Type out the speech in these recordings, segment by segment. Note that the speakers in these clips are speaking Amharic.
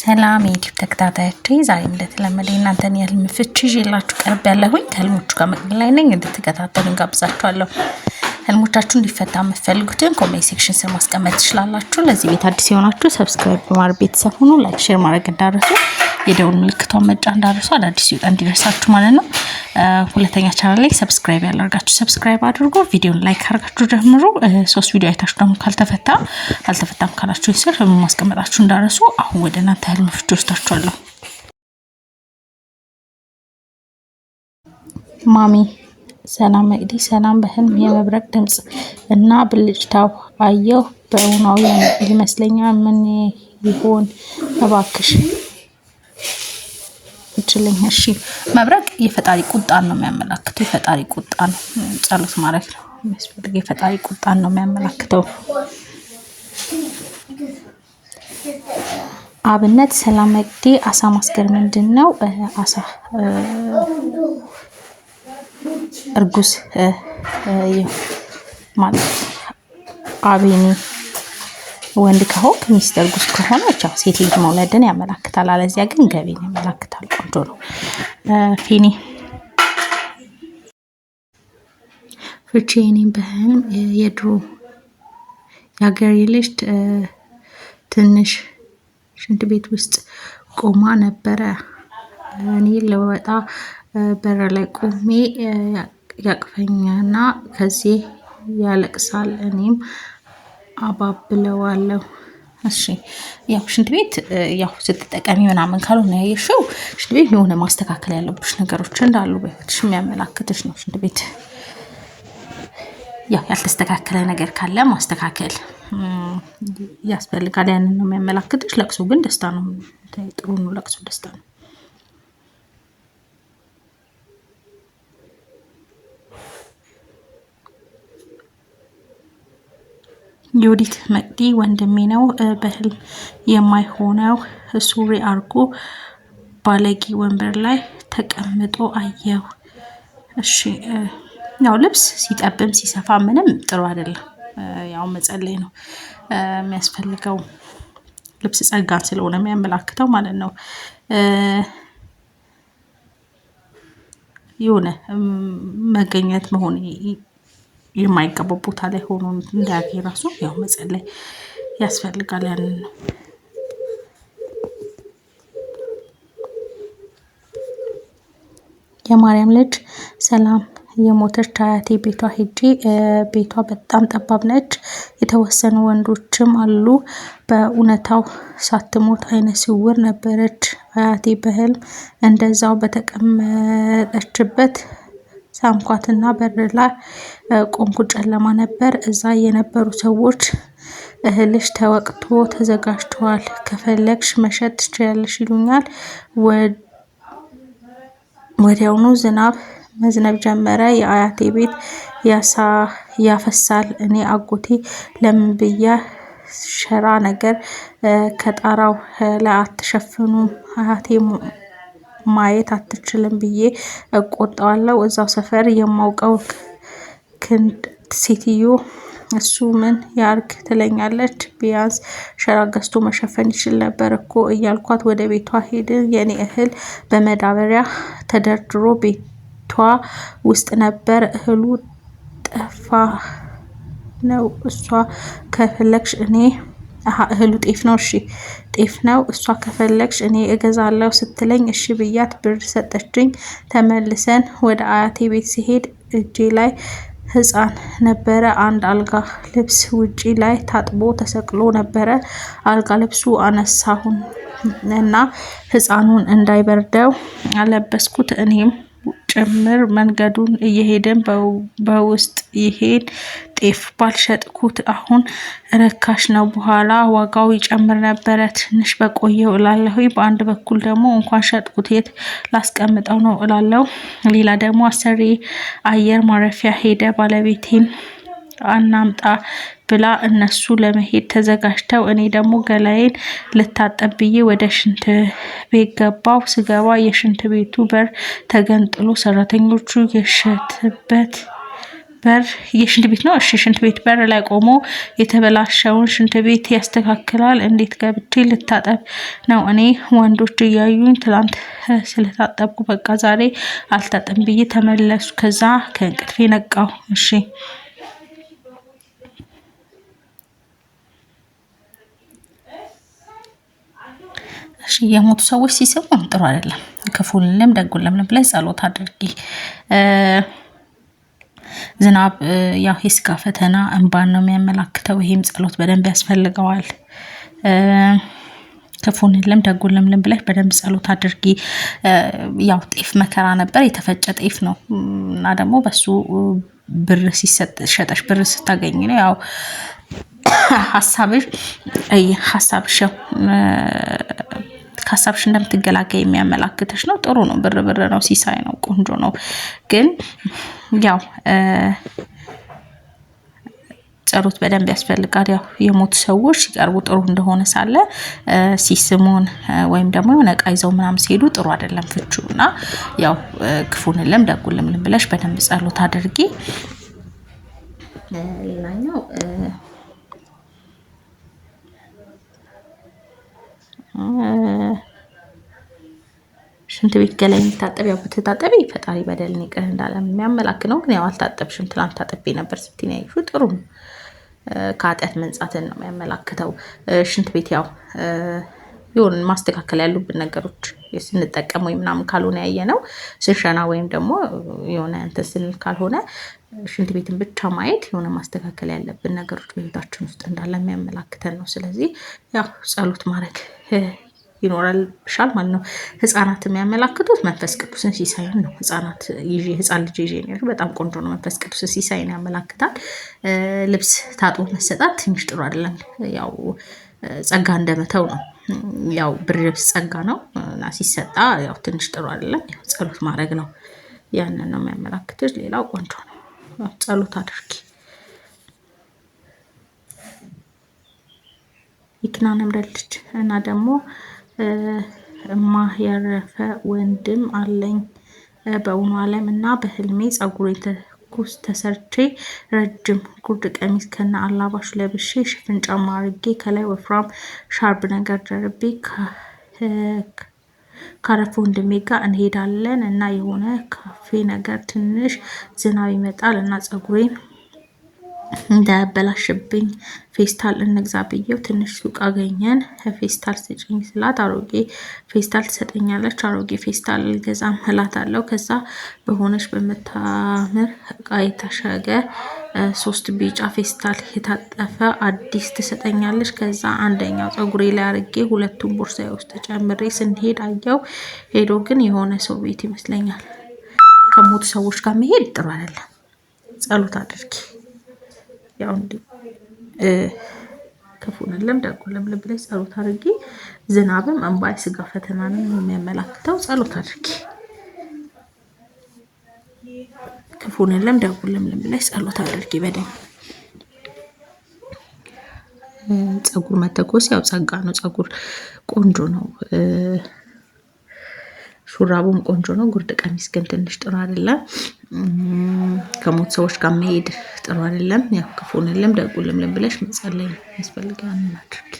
ሰላም የዩቲዩብ ተከታታዮቼ፣ ዛሬ እንደተለመደ እናንተን የህልም ፍቺ ይዤላችሁ ቀርብ ያለሁኝ ከህልሞቹ ጋር መቅደል ላይ ነኝ። እንድትከታተሉ እንጋብዛችኋለሁ። ህልሞቻችሁ እንዲፈታ የምትፈልጉትን ኮሜንት ሴክሽን ስር ማስቀመጥ ትችላላችሁ። ለዚህ ቤት አዲስ የሆናችሁ ሰብስክራይብ በማድረግ ቤተሰብ ሁኑ። ላይክ፣ ሼር ማድረግ እንዳረሱ የደውል ምልክቷን መጫ እንዳደርሱ አዳዲስ ይወጣ እንዲደርሳችሁ ማለት ነው። ሁለተኛ ቻናል ላይ ሰብስክራይብ ያላርጋችሁ ሰብስክራይብ አድርጎ ቪዲዮን ላይክ አርጋችሁ ጀምሩ። ሶስት ቪዲዮ አይታችሁ ደግሞ ካልተፈታ አልተፈታም ካላችሁ ስል ማስቀመጣችሁ እንዳረሱ አሁን ወደ እናንተ ህልም ፍቺ ወስዳችኋለሁ። ማሚ ሰላም መቅዲ፣ ሰላም በህልም የመብረቅ ድምፅ እና ብልጭታው አየሁ። በእውናዊ ይመስለኛል። ምን ይሆን እባክሽ እችልኝ። እሺ። መብረቅ የፈጣሪ ቁጣን ነው የሚያመላክተው። የፈጣሪ ቁጣ ነው ጸሎት ማለት ነው የሚያስፈልግ የፈጣሪ ቁጣን ነው የሚያመላክተው። አብነት ሰላም መግዴ አሳ ማስገር ምንድን ነው? አሳ እርጉስ ማለት አቤኒ ወንድ ከሆንክ ሚስት እርጉዝ ከሆነች ሴት ልጅ መውለድን ያመላክታል። አለዚያ ግን ገቢን ያመላክታል። ተሰርቶ ነው ፊኒ ፍቺ የኔ ባህልም የድሮ የሀገሬ ልጅ ትንሽ ሽንት ቤት ውስጥ ቆማ ነበረ። እኔ ለወጣ በር ላይ ቆሜ ያቅፈኛና ከዚህ ያለቅሳል። እኔም አባብለዋለሁ። እሺ ያው ሽንት ቤት ያው ስትጠቀሚ ምናምን ካልሆነ ያየሽው ሽንት ቤት የሆነ ማስተካከል ያለብሽ ነገሮች እንዳሉ በሕይወትሽ የሚያመላክትሽ ነው። ሽንት ቤት ያው ያልተስተካከለ ነገር ካለ ማስተካከል ያስፈልጋል። ያንን ነው የሚያመላክትሽ። ለቅሶ ግን ደስታ ነው። ጥሩ ነው። ለቅሶ ደስታ ነው። ዮዲት መቅዲ ወንድሜ ነው። በህልም የማይሆነው ሱሪ አርጎ ባለጌ ወንበር ላይ ተቀምጦ አየው። እሺ ያው ልብስ ሲጠብም ሲሰፋ ምንም ጥሩ አይደለም። ያው መጸለይ ነው የሚያስፈልገው። ልብስ ጸጋን ስለሆነ የሚያመላክተው ማለት ነው። የሆነ መገኘት መሆን የማይገባው ቦታ ላይ ሆኖ እንዳያገኝ ራሱ ያው መጸለይ ያስፈልጋል። ያንን ነው የማርያም ልጅ ሰላም የሞተች አያቴ ቤቷ ሄጄ ቤቷ በጣም ጠባብ ነች። የተወሰኑ ወንዶችም አሉ። በእውነታው ሳትሞት አይነ ስውር ነበረች። አያቴ በህልም እንደዛው በተቀመጠችበት ሳምኳትና በር ላይ ቆምኩ። ጨለማ ነበር። እዛ የነበሩ ሰዎች እህልሽ ተወቅቶ ተዘጋጅተዋል፣ ከፈለግሽ መሸጥ ትችያለሽ ይሉኛል። ወዲያውኑ ዝናብ መዝነብ ጀመረ። የአያቴ ቤት ያፈሳል። እኔ አጎቴ ለምን ሸራ ነገር ከጣራው ላይ አትሸፍኑም አያቴ ማየት አትችልም ብዬ እቆጣዋለሁ። እዛው ሰፈር የማውቀው ክንድ ሴትዮ እሱ ምን ያርግ ትለኛለች። ቢያንስ ሸራ ገዝቶ መሸፈን ይችል ነበር እኮ እያልኳት ወደ ቤቷ ሄድን። የኔ እህል በመዳበሪያ ተደርድሮ ቤቷ ውስጥ ነበር። እህሉ ጠፋ ነው እሷ ከፈለግሽ እኔ እህሉ ጤፍ ነው እሺ ጤፍ ነው። እሷ ከፈለግሽ እኔ እገዛለሁ ስትለኝ እሺ ብያት ብር ሰጠችኝ። ተመልሰን ወደ አያቴ ቤት ሲሄድ እጄ ላይ ህፃን ነበረ። አንድ አልጋ ልብስ ውጪ ላይ ታጥቦ ተሰቅሎ ነበረ። አልጋ ልብሱ አነሳሁን እና ህፃኑን እንዳይበርደው አለበስኩት እኔም ጭምር መንገዱን እየሄደን በውስጥ ይሄን ጤፍ ባልሸጥኩት አሁን ርካሽ ነው። በኋላ ዋጋው ይጨምር ነበረ ትንሽ በቆየው እላለሁ። በአንድ በኩል ደግሞ እንኳን ሸጥኩት የት ላስቀምጠው ነው እላለሁ። ሌላ ደግሞ አሰሪ አየር ማረፊያ ሄደ ባለቤቴን አናምጣ ብላ እነሱ ለመሄድ ተዘጋጅተው እኔ ደግሞ ገላዬን ልታጠብ ብዬ ወደ ሽንት ቤት ገባው። ስገባ የሽንት ቤቱ በር ተገንጥሎ ሰራተኞቹ የሸትበት በር የሽንት ቤት ነው። እሺ፣ ሽንት ቤት በር ላይ ቆሞ የተበላሸውን ሽንት ቤት ያስተካክላል። እንዴት ገብቼ ልታጠብ ነው? እኔ ወንዶች እያዩኝ ትላንት ስለታጠብኩ በቃ ዛሬ አልታጠብም ብዬ ተመለሱ። ከዛ ከእንቅልፌ ነቃው። እሺ በዙሪያሽ የሞቱ ሰዎች ሲስቡ ጥሩ አይደለም። ክፉን ለም ደጉን ለምለም ላይ ጸሎት አድርጊ። ዝናብ ያው የስጋ ፈተና እንባን ነው የሚያመላክተው። ይህም ጸሎት በደንብ ያስፈልገዋል። ክፉን ለም ደጉን ለምለም ብለሽ በደንብ ጸሎት አድርጊ። ያው ጤፍ መከራ ነበር፣ የተፈጨ ጤፍ ነው እና ደግሞ በሱ ብር ሲሸጠሽ ብር ስታገኝ ነው ያው ሀሳብሽ ሀሳብሽ ከሀሳብሽ እንደምትገላገይ የሚያመላክትሽ ነው። ጥሩ ነው። ብር ብር ነው። ሲሳይ ነው። ቆንጆ ነው። ግን ያው ጸሎት በደንብ ያስፈልጋል። ያው የሞቱ ሰዎች ሲቀርቡ ጥሩ እንደሆነ ሳለ ሲስሙን ወይም ደግሞ የሆነ እቃ ይዘው ምናምን ሲሄዱ ጥሩ አይደለም ፍቹ እና ያው ክፉንልም ደጉልም ብለሽ በደንብ ጸሎት አድርጊ። ሌላኛው ሽንት ቤት ገላይ የሚታጠብ ያው ብትታጠቢ ፈጣሪ በደልን ይቅር እንዳለ የሚያመላክ ነው። ግን ያው አልታጠብሽም፣ ትላንት ታጥቤ ነበር ስትይኝ ያይሹ ጥሩ ከኃጢአት መንጻትን ነው የሚያመላክተው። ሽንት ቤት ያው ይሁን ማስተካከል ያሉብን ነገሮች ስንጠቀም ወይ ምናምን ካልሆነ ያየ ነው ስንሸና ወይም ደግሞ የሆነ እንትን ስንል ካልሆነ ሽንት ቤትን ብቻ ማየት የሆነ ማስተካከል ያለብን ነገሮች በህይወታችን ውስጥ እንዳለ የሚያመላክተን ነው። ስለዚህ ያው ጸሎት ማድረግ ይኖራል ብሻል ማለት ነው። ህፃናት የሚያመላክቱት መንፈስ ቅዱስን ሲሳይን ነው። ህፃናት ይዤ ህፃን ልጅ ይዤ ነው። በጣም ቆንጆ ነው። መንፈስ ቅዱስን ሲሳይን ያመላክታል። ልብስ ታጥቦ መሰጣት ትንሽ ጥሩ አይደለም። ያው ጸጋ እንደመተው ነው። ያው ብር ጸጋ ነው እና ሲሰጣ ያው ትንሽ ጥሩ አይደለም። ያው ጸሎት ማድረግ ነው ያንን ነው የሚያመላክትሽ። ሌላው ቆንጆ ነው። ጸሎት አድርጊ። የኪናን ምረት እና ደግሞ እማ ያረፈ ወንድም አለኝ በእውኑ አለም እና በህልሜ ጸጉሬ ኩስ ተሰርቼ ረጅም ጉርድ ቀሚስ ከነ አላባሹ ለብሼ ሽፍን ጫማ አርጌ ከላይ ወፍራም ሻርብ ነገር ደርቤ ካረፉ ወንድሜ ጋር እንሄዳለን እና የሆነ ካፌ ነገር ትንሽ ዝናብ ይመጣል እና ፀጉሬን እንዳያበላሽብኝ ፌስታል እንግዛ ብዬው ትንሽ ሱቅ አገኘን። ፌስታል ስጭኝ ስላት አሮጌ ፌስታል ትሰጠኛለች፣ አሮጌ ፌስታል አልገዛም አለው ከዛ በሆነች በምታምር እቃ የታሸገ ሶስት ቢጫ ፌስታል የታጠፈ አዲስ ትሰጠኛለች። ከዛ አንደኛው ጸጉሬ ላይ አርጌ ሁለቱም ቦርሳ ውስጥ ጨምሬ ስንሄድ አየው። ሄዶ ግን የሆነ ሰው ቤት ይመስለኛል። ከሞቱ ሰዎች ጋር መሄድ ጥሩ አይደለም። ጸሎት አድርጌ ያው እንዲህ ክፉንም ደጉንም ልብ ላይ ጸሎት አድርጊ። ዝናብም እንባ ስጋ ፈተናንም የሚያመላክተው ጸሎት አድርጊ። ክፉንም ደጉንም ልብ ላይ ጸሎት አድርጊ። በደንብ ፀጉር መተኮስ ያው ጸጋ ነው። ፀጉር ቆንጆ ነው። ሹራቡም ቆንጆ ነው። ጉርድ ቀሚስ ግን ትንሽ ጥሩ አይደለም። ከሞት ሰዎች ጋር መሄድ ጥሩ አይደለም። ያው ክፉን ክፉንልም ልምልም ብለሽ መጸለይ ያስፈልጋል። እናድርግ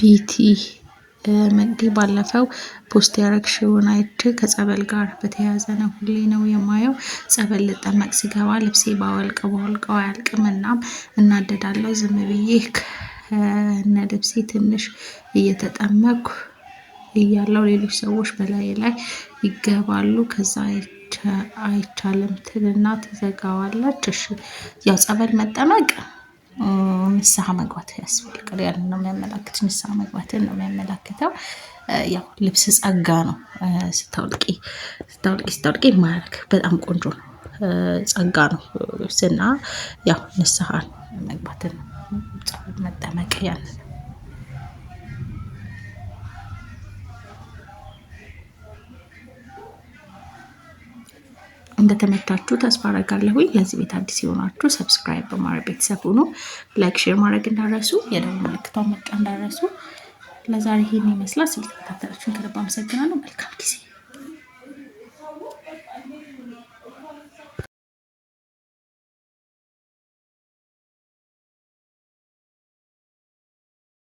ቢቲ መቅዲ ባለፈው ፖስት ያረግሽውን አይቼ ከጸበል ጋር በተያያዘ ነው። ሁሌ ነው የማየው። ጸበል ልጠመቅ ሲገባ ልብሴ ባወልቅ ባወልቀው አያልቅም። እናም እናደዳለው ዝም ብዬ እና ልብሴ ትንሽ እየተጠመኩ እያለው ሌሎች ሰዎች በላይ ላይ ይገባሉ። ከዛ አይቻልም ትልና ትዘጋዋለች። እሺ ያው ጸበል መጠመቅ ንስሐ መግባት ያስፈልጋል። ያን ነው የሚያመላክት፣ ንስሐ መግባትን ነው የሚያመላክተው። ያው ልብስ ጸጋ ነው። ስታወልቂ ስታወልቂ ስታወልቂ ማያልክ በጣም ቆንጆ ነው፣ ጸጋ ነው ልብስና ያው ንስሐን መግባትን ነው ፀጉር መጠመቅ ያለ እንደተመቻችሁ ተስፋ አረጋለሁ። ለዚህ ቤት አዲስ የሆናችሁ ሰብስክራይብ በማድረግ ቤተሰብ ሁኑ። ላይክ፣ ሼር ማድረግ እንዳረሱ፣ የደወል ምልክቷን መጫን እንዳረሱ። ለዛሬ ይህን ይመስላል። ስለተከታተላችሁን ከልብ አመሰግናለሁ። መልካም ጊዜ